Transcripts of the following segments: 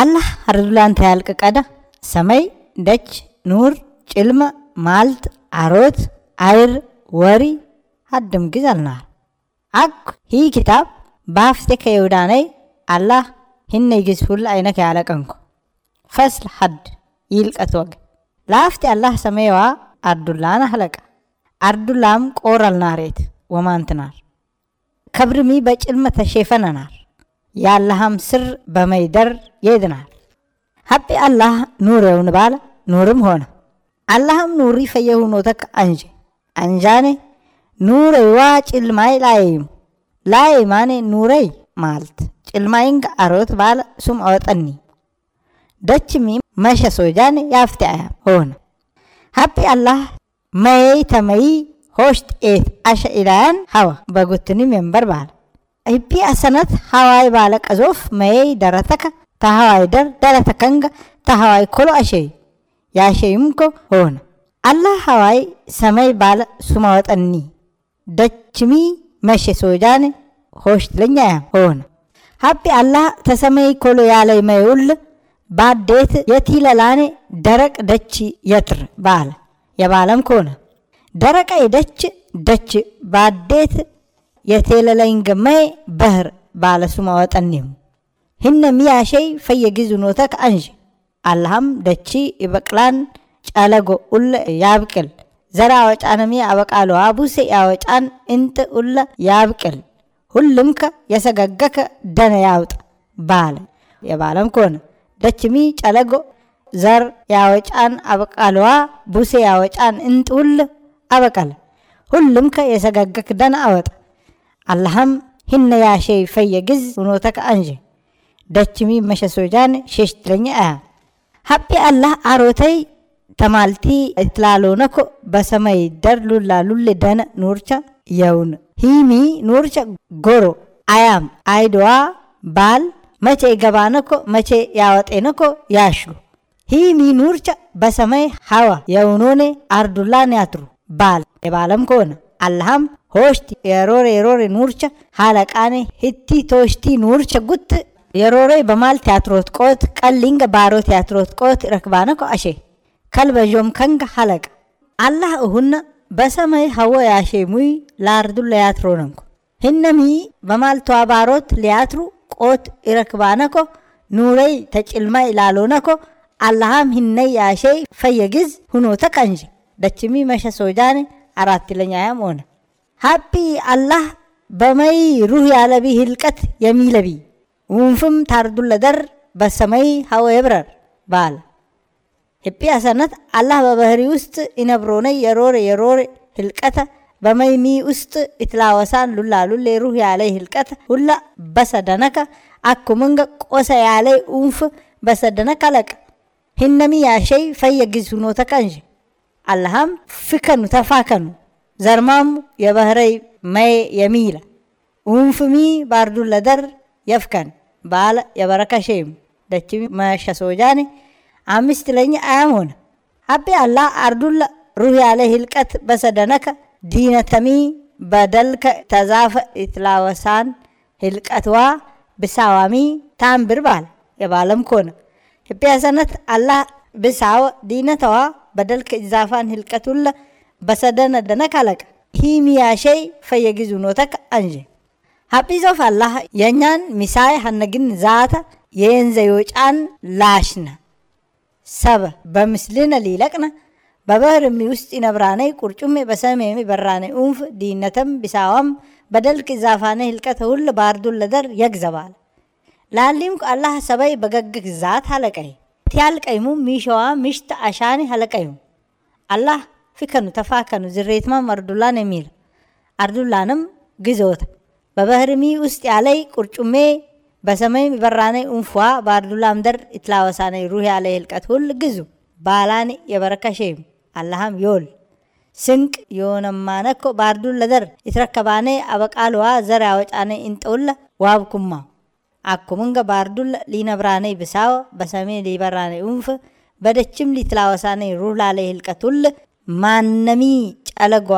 አላህ አርዱላንተ ያልቅ ቀዳ ሰማይ ደች ኑር ጭልመ ማልት አሮት አይር ወሪ ሀድም ግዘልናል አኩ ሂ ኪታብ ባፍቴ ከይውዳነይ አላህ ሂነ ግዝ ሁል አይነከ ያለቀንኩ ፈስል ሀድ ይልቀት ወግ ላፍቴ አላህ ሰማይዋ አርዱላን አህለቀ አርዱላም ቆረልናሬት ወማንትናር ከብርሚ በጭልመ ተሼፈነናር የአላህም ስር በመይደር የድናል ሀጢ አላህ ኑሬውን ባለ ኑርም ሆነ አላህም ኑሪ ፈየሁ ኖተክ አንጂ አንጃኔ ኑሬዋ ጭልማይ ላይም ማኔ ኑሬይ ማልት ጭልማይንግ አሮት ባለ ሱም አወጠኒ ደችሚ መሸ ሶጃን ያፍቲ አያ ሆነ ሀጢ አላህ መየይ ተመይ ሆሽት ኤት አሸ ኢላያን ሀዋ በጎትኒ ሜምበር ባለ ሂፒአሰነት hawaai baalaqazuuf mayee darataka ta hawaai dar dalatakanga ta hawaai kolo ashee yaasheeyumko hoona allah hawaai samay baala suma waxanni dachimii mashe soojaane hooshilenyaya hoona hapi allah ተሰማይ ኮሎ ያለይ መይውል ባዴት የቲለላኔ ደረቅ ደች የትር ባለ የባለም ኮነ ደረቀይ ደች ደች ባዴት የቴለለይንገማይ በህር ወጠን ወጠኒሁ ህነ ሚያሸይ ኖተክ አንዥ አላህም ደቺ ይበቅላን ጨለጎ ኡለ ያብቅል ዘራ ወጫነሚ አበቃሎ አቡሴ ያወጫን እንጥ ኡለ ያብቅል ሁልምከ የሰገገከ ደነ ያውጥ ባለ የባለም ኮነ ደችሚ ጨለጎ ዘር ያወጫን አበቃለዋ ቡሴ ያወጫን እንጥ ኡለ አበቀለ ሁልምከ የሰገገክ ደነ አወጣ አላህም ሂነ ያሸይ ፈየግዝ ሁኖተከ አንዥ ደችሚ መሸሶጃን ሸሽትለኝ አያ ሀጲ አላህ አሮተይ ተማልቲ ትላሎነኮ በሰመይ ደር ሉላ ሉሌ ደነ ኑርቻ የውን ሂሚ ኑርቻ ጎሮ አያም አይድዋ ባል መቼ ገባነኮ መቼ ያወጤነኮ ያሽሉ ሂሚ ኑርቻ በሰመይ ሀዋ የውኖኔ አርዱላን ያትሩ ባል የባለም ከሆነ አላህም ሆሽቲ የሮሬ የሮሬ ኑርቸ ሀለቃኔ ህቲ ቶሽቲ ኑርቸ ጉት የሮሬ በማል ቲያትሮት ቆት ቀሊንገ ባሮ ቲያትሮት ቆት ረክባነኮ አሼ ከልበዦም ከንገ ሀለቀ አላህ እሁነ በሰማይ ሀወ ሙይ ላርዱ ለያትሮ ነንኮ ህነሚ በማልቷ ባሮት ሊያትሩ ቆት ይረክባነኮ ኑረይ ተጭልማይ ላሎነኮ አላሃም ህነይ ያሼይ ፈየግዝ ሁኖተ ቀንጂ ደችሚ መሸ ሶጃኔ አራት ያም ሆነ ሀቢ አላህ በመይ ሩህ ያለቢ ህልቀት የሚለቢ ውንፍም ታርዱ ለደር በሰመይ ሀወ የብረር ባለ ህጲ አሰነት አላህ በባህሪ ውስጥ ይነብሮነይ የሮር የሮር ህልቀተ በመይ ሚ ውስጥ እትላወሳን ሉላ ሉሌ ሩህ ያለይ ህልቀተ ሁላ በሰደነከ አኩምንገ ቆሰ ያለይ ኡንፍ በሰደነከ ለቅ ህነሚ ያሸይ ፈየጊዝ ሁኖተከ እንጂ አላህም ፍከኑ ተፋከኑ ዘርማም የባህረይ መይ የሚላ ኡንፍሚ ባርዱለ ደር የፍከን ባለ የበረካ ሸይሙ ደችሚ መሸ ሶጃኔ አምስት ለኝ አያም ሆነ ሀቤ አላህ አርዱለ ሩህ ያለ ህልቀት በሰደነከ ዲነተሚ በደልከ ተዛፈ ኢትላወሳን ህልቀትዋ ብሳዋሚ ታምብር ባለ የባለም ኮነ ህቤ ያሰነት ብሳወ ዲነተዋ badalka izaafaan hilqatulla basadana dana kalaqa hiimiyaashey fayyagizuunotaka anje haphizof allaha yanyan misaay hannagin zaata የንዘዮጫን ላሽነ ሰብ በምስልነ ሊለቅነ በበህርሚ ውስጥ ይነብራነይ ቁርጩሜ በሰሜሚ በራነ ኡንፍ ዲነተም ቢሳዋም በደልቅ ዛፋነ ህልቀተ ሁል ባርዱን ለደር የግዘባል ላሊምኩ አላህ ሰበይ በገግክ ዛት አለቀይ tiyaal ሚሸዋ ምሽት አሻኒ halaqayu አላህ ፍከኑ ተፋከኑ ዝሬትማም አርዱላን የሚል አርዱላንም ግዞት በበህርሚ ውስጥ ያለይ ቁርጩሜ በሰማይ በራነይ እንፏ በአርዱላም ደር ኢትላወሳነይ ሩህ ያለ ህልቀት ሁል ግዙ ባላን የበረከሼም አላሃም ዮል ስንቅ የሆነማነኮ ደር ኢትረከባኔ አበቃልዋ ዘር ያወጫነ እንጠውለ ዋብኩማ አኩምንገ ባርዱል ሊነብራነይ ብሳው በሰሜ ሊበራነይ ኡንፍ በደችም ሊትላወሳነይ ሩላለይ ህልቀቱል ማነሚ ጨለጓ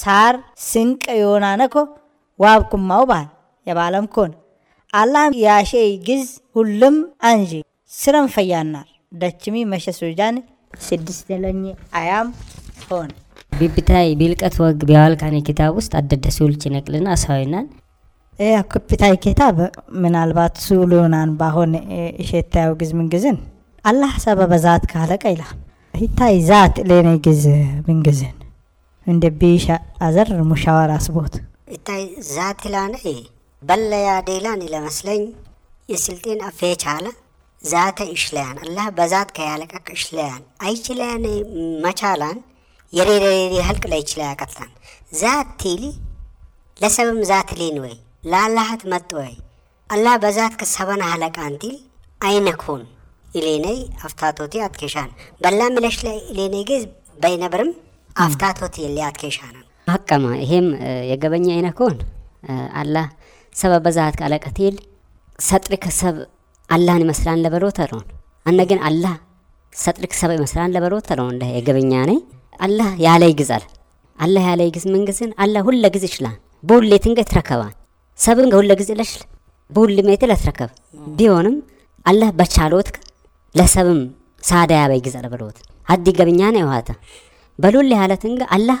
ሳር ስንቅ የሆናነኮ ዋብኩማው ባል የባለም ኮን አላም ያሸይ ግዝ ሁሉም አንዢ ስረም ፈያናር ደችሚ መሸ ሱጃን ስድስት ለኝ አያም ሆን ቢብታይ ቢልቀት ወግ ቢያዋልካኔ ኪታብ ውስጥ አደደሱልች ነቅልና ሳዊናን ኩፒታይ ኬታብ ምናልባት ሱሉናን ባሆን እሸታዊ ግዝ ምንግዝን አላህ ሰበበ ዛት ካለቀ ኢላ ሂታይ ዛት ሌነ ግዝ ምንግዝን እንደ ቢሻ አዘር ሙሻዋር አስቦት እታይ ዛት ኢላነ በለያ ዴላን ለመስለኝ የስልጤን አፌ ዛተ እሽለያን አላህ በዛት ከያለቀቅ እሽለያን አይችለያን መቻላን የሬሬሬ ህልቅ ላይ ቀትላን ዛት ቲሊ ለሰብም ዛት ሌን ወይ ላላሃት መጥወይ አላህ በዛትከ ሰበን ሀለቃንቲል አይነኮን ኢሌነይ አፍታቶቴ አትኬሻን በላ ምለሽ ላይ ኢሌነይ ጌዝ በይነብርም አፍታቶቴ ሌ አትኬሻናን ሀቀማ ይሄም የገበኛ አይነኮን አላህ ሰበብ በዛት ቃለቀቴል ሰጥሪክ ሰብ አላህን ይመስላን ለበሎተሮን አነ ግን አላህ ሰጥሪክ ሰብ ይመስላን ለበሎተሮን ለ የገበኛ ነይ አላህ ያለ ይግዛል አላህ ያለ ይግዝ ምንግዝን አላህ ሁለ ግዝ ይችላል ቦሌ ትንገ ይትረከባል ሰብን ገሁለ ጊዜ ለሽል ብሁል ሜት ለትረከብ ቢሆንም አላህ በቻሎት ለሰብም ሳዳ ያበይ ግዘ ለበለወት አዲ ገብኛ ነው ይዋታ በሉል ያለት እንግ አላህ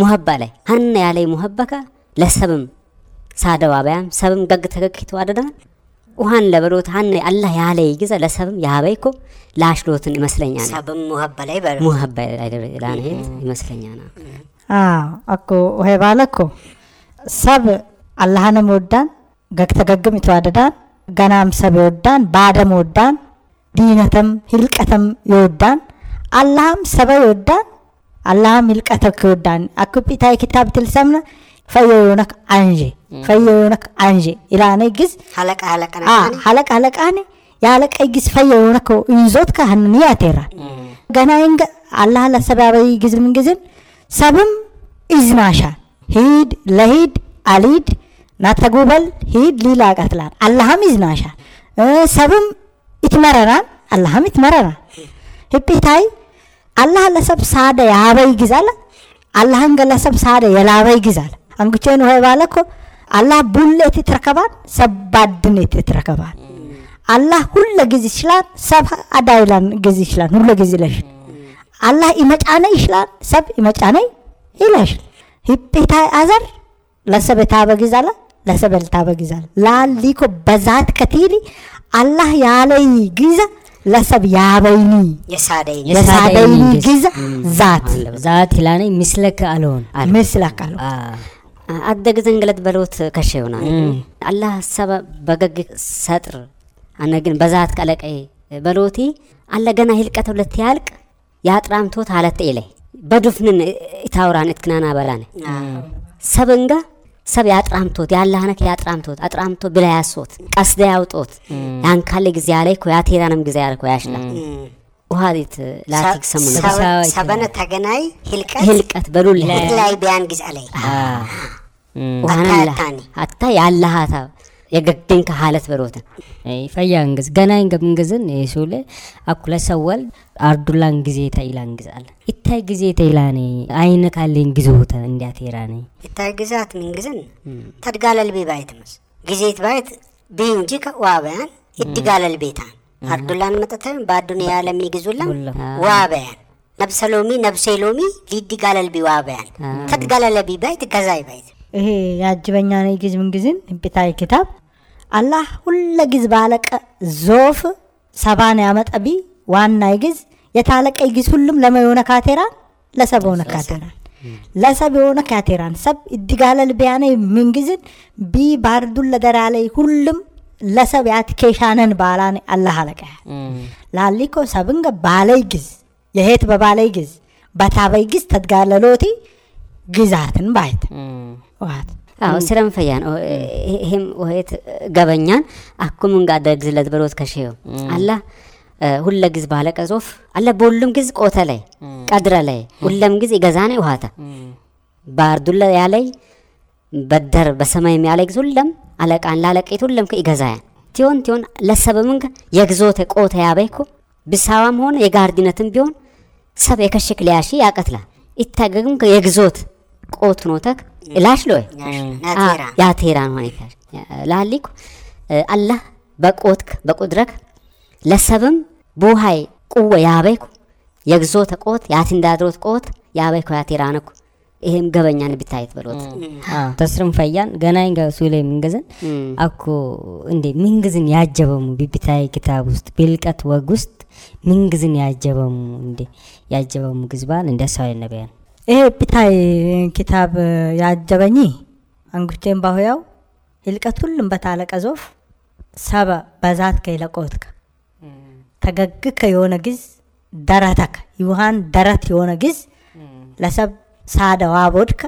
ሙሀባ ላይ ሀና ያለይ ሙሀበከ ለሰብም ሳደዋ በያም ሰብም ገግ ተገክቶ ተዋደዳን ውሃን ለበሎት ሀና አላህ ያለይ ግዘ ለሰብም ያበይኮ ላሽሎትን ይመስለኛል ሰብም ሙሀባ ላይ በሉ ሙሀባ ላይ ላን ይመስለኛል አዎ አኮ ወይ ባለኮ ሰብ አላህንም ወዳን ገግተገግም ይተዋደዳን ገናም ሰብ ይወዳን ባደም ወዳን ዲነተም ሂልቀተም ይወዳን አላህም ሰበ ይወዳን አላህም ሂልቀተ ይወዳን አክብታይ ኪታብ ትልሰምነ ፈየዮነክ አንዤ ፈየዮነክ አንዤ ኢላነ ግዝ ሀለቃ ሀለቃኔ የአለቃ ግዝ ፈየዮነክ እንዞትከ ሀንንያ ቴራ ገና ይንገ አላህ ለሰባበይ ግዝም ግዝን ሰብም ኢዝማሻን ሂድ ለሂድ አሊድ ናተጉበል ሂድ ሊላ ትላል አላህም ይዝናሻል ሰብም ይትመረራን አላህም ይትመረራን ህጲታይ አላህ ለሰብ ሳደ ያበይ ግዛለ አላህን ገለሰብ ሳደ የላበይ ግዛለ አንግቼን ሆይ ባለኮ አላህ ቡሌት ሰብ ባድኔት ትረከባን አላህ ሁለ ጊዜ ይችላል ሰብ አዳይላን ጊዜ ይችላል ሁለ ጊዜ ለሽ አላህ ይመጫነ ይችላል ሰብ ይመጫነ ይለሽ ህጲታይ አዘር ለሰብ የታበ ግዛለ ለሰበልታ በግዛል ላሊኮ በዛት ከቲኒ አላህ ያለይ ግዛ ለሰብ ያበይኒ የሳደይኒ ግዛ ዛት ዛት ይላኔ ምስለክ አለሆን ምስለክ አልሆን አደግ ዘንግለት ገለት በሎት ከሸ ይሆናል አላህ ሰበ በገግ ሰጥር አነ ግን በዛት ቀለቀ በሎቲ አለ ገና ሂልቀት ሁለት ያልቅ ያጥራምቶት አለት ኢለ በዱፍንን ኢታውራን እትክናና በላነ ሰበንጋ ሰብ ያጥራምቶት ያላህነክ ያጥራምቶት አጥራምቶ ብላ ያሶት ቀስደ ያውጦት ያንካለ ጊዜ ያለይ ኮ ያቴራንም ጊዜ ያለ ኮ ያሽላ ውሃት ላቲክ ሰሙነ ሰበነ ተገናይ ህልቀት ህልቀት በሉል ላይ ቢያን ጊዜ አለይ ውሃና አታ ያላሃታ የገደንከ ሀለት ፈያ እንግዝ ገና ገምንግዝን ሱለ አኩለ ሰወል አርዱላን ጊዜ ተይላ ግዛል እታይ ጊዜ ተይላ ነ አይነ ካለን ግዝሁተ እንዲያት ነ እታይ ግዛት ምንግዝን ተድጋለል ባይት ምስ ጊዜት ባይት ብንጂ ዋበያን እድጋለል ቤታን አርዱላን መጠተን በአዱንያ ዓለም ይግዙላን ዋበያን ነብሰሎሚ ነብሴሎሚ ሊድጋለልቢ ዋበያን ተድጋለለቢ ባይት ገዛይ ባይት ይሄ ያጅበኛ ነ ግዝም ምንጊዝን ህብታይ ክታብ አላህ ሁለ ግዝ ባለቀ ዞፍ ሰባን ያመጠቢ ዋና ይግዝ የታለቀ ይግዝ ሁሉም ለመ የሆነ ካቴራን ለሰብ የሆነ ካቴራን ለሰብ የሆነ ካቴራን ሰብ እድጋለል ቢያነ ምንግዝን ቢ ባርዱን ላይ ሁሉም ለሰብ ያት ኬሻነን ባላን አላህ አለቀ ላሊኮ ሰብንገ ባለይ ግዝ የሄት በባለይ ግዝ በታበይ ግዝ ተድጋለሎቲ ግዛትን ባይት ዋት አዎ ስረም ፈያን ይሄም ወሄት ገበኛን አኩምን ጋ ደግዝለት ብሮት ከሽዮ አላ ሁለ ግዝ ባለ ቀጾፍ አለ በሁሉም ግዝ ቆተ ላይ ቀድረ ላይ ሁለም ግዝ ይገዛነ ውሃታ ባርዱለ ያለይ በደር በሰማይ ያለይ ግዝ ሁለም አለቃን ላለቄት ሁለም ከ ይገዛ ከይገዛያን ቲዮን ቲዮን ለሰበምን የግዞተ ቆተ ያበይኩ ብሳዋም ሆነ የጋርዲነትም ቢሆን ሰብ የከሽክ ሊያሺ ያቀትላ ይታገግም የግዞት ተክ ቆትኖተክ ላሽሎይ ነው ሆኔካሽ ላሊኩ አላህ በቆትክ በቁድረክ ለሰብም ቡሃይ ቁወ ያበይኩ የግዞተ ቆት ያትንዳድሮት ቆት ያበይኩ ያቴራንኩ ይሄም ገበኛን ቢታይት በሎት ተስርም ፈያን ገናይ ጋ ሱሌ ምንገዝን አኮ እንዴ ምንግዝን ያጀበሙ ቢቢታይ ክታብ ውስጥ ብልቀት ወግ ውስጥ ምንግዝን ያጀበሙ እንዴ ያጀበሙ ግዝባን እንደ ሰው ነቢያን ይሄ ፒታይ ኪታብ ያጀበኝ አንጉፍቴን ባሆያው ይልቀት ሁሉም በታለቀ ዞፍ ሰበ በዛት ከይለቆትከ ተገግከ የሆነ ግዝ ደረተከ ይውሃን ደረት የሆነ ግዝ ለሰብ ሳደ ዋቦድከ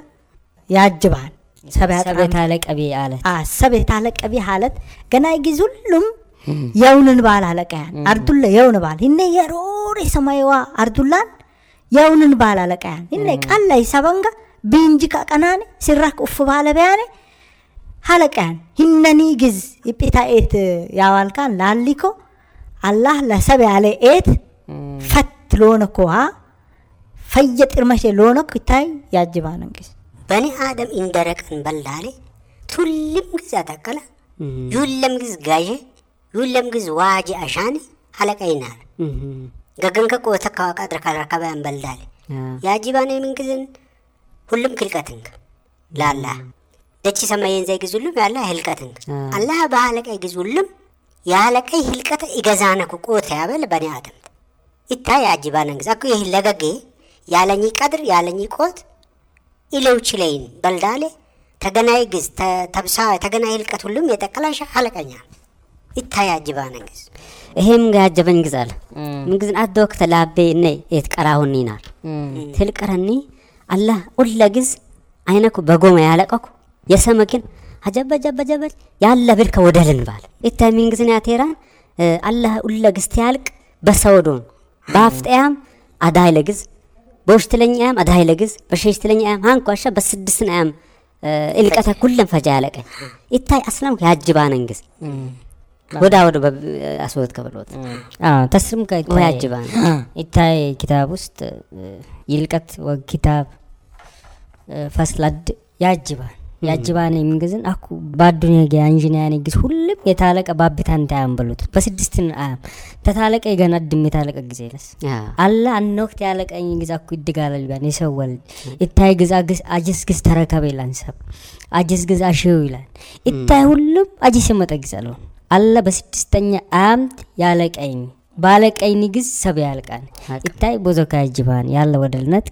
ያጅባን ሰቤታለቀቢ አለት ሰቤታለቀቢ አለት ገናይ ጊዝ ሁሉም የውንን ባል አለቀያን አርዱለ የውን ባል ይነ የሮሪ ሰማይዋ አርዱላን የውንን ባል አለቃያን እነ ቃላይ ሰበንጋ ቢንጅ ቀቀናን ሲራክ ኡፍ ባለ በያን ሀለቃያን ሂነኒ ግዝ ይጴታ ኤት ያዋልካን ላሊኮ አላህ ለሰብ ያለ ኤት ፈት ሎነኮ ሀ ፈየ ጥርመሽ ሎነኮ ይታይ ያጅባን እንግዝ በኒ አደም እንደረቀን በላሌ ቱልም ግዝ አታቀለ ዩለም ግዝ ጋዤ ዩለም ግዝ ዋጅ አሻን ሀለቀይናል ገገንከ ቆ ተካዋቃ ድረካል ረካባ ያንበልዳል የአጂባነ የምንግዝን ሁሉም ክልቀትንግ ላላ ደቺ ሰማየን ዘይ ግዙልም ያለ ህልቀትንግ አላህ በአለቀይ ግዙልም የአለቀይ ህልቀት ይገዛነኩ ቆተ ያበል በኔ አደምት ይታ የአጂባነን አኩ ይህ ለገጌ ያለኝ ቀድር ያለኝ ቆት ኢለውች ለይን በልዳሌ ተገናይ ግዝ ተብሳ ተገናይ ህልቀት ሁሉም የጠቀላሻ አለቀኛል ይታያጅባነ ግዝ ይሄም ጋጀበን ግዛል ምግዝንኣት ዶ ክተላሃበይ እነ የትቀራሁኒ ይናል ትልቀረኒ አላ ኡለ ግዝ አይነኩ በጎመ ያለቀኩ የሰመኪን አጀበ ጀበ ጀበል ያለ ብልከ ወደልን ባል ኢታይ ሚን ግዝን ያቴራን አላ ኡለ ግዝ ትያልቅ በሰወዶን ባፍጠያም አዳይ ለግዝ በውሽትለኛም አዳይ ለግዝ በሸሽትለኛም ሃንኳሻ በስድስን አያም ኢልቀተ ኩለን ፈጃ ያለቀኝ ኢታይ አስላም ያጅባነን ግዝ ወደ ወዳወድ አስወት ከብሎት ተስርም ሙያጅባ ኢታይ ኪታብ ውስጥ ይልቀት ወግ ወኪታብ ፈስላድ ያጅባን ያጅባን የሚንግዝን አኩ ባዱኔ አንዥናያን ግዝ ሁሉም የታለቀ ባቢታን ታያን በሉት በስድስትን አያም ተታለቀ የገና ድም የታለቀ ጊዜ ለስ አላ አነ ወቅት ያለቀኝ ግዝ አኩ ይድጋለ ልቢያን የሰወል እታይ ግዝ አጀስ ግዝ ተረከበ ይላን ሰብ አጅስ ግዝ አሸው ይላን እታይ ሁሉም አጅስ የመጠ ግዝ አለውን አለ በስድስተኛ አምት ያለቀኝ ባለቀይ ንግስ ሰብ ያልቃል ይታይ ቦዘካ ጅባን ያለ ወደልነት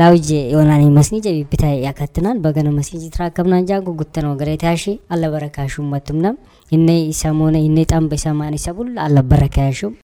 ላውጅ የሆናን መስኒጅ ቢታ ያካትናል በገነ መስኒጅ ትራከብና እንጃ ጉጉተ ነው ገሬ ታሺ አለ በረካሹ መቱምና ይነ ሰሞነ ይነ ጣም በሰማኒ ሰቡል አለ በረካሹ